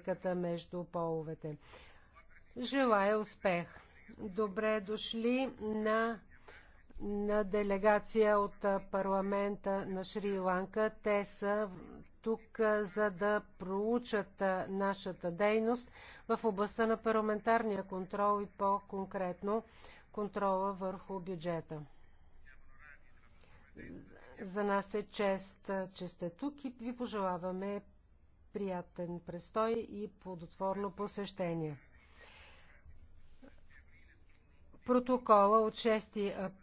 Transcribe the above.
разликата между половете. Желая успех! Добре дошли на, на делегация от парламента на Шри-Ланка. Те са тук, за да проучат нашата дейност в областта на парламентарния контрол и по-конкретно контрола върху бюджета. За нас е чест, че сте тук и ви пожелаваме приятен престой и плодотворно посещение. Протокола от 6 април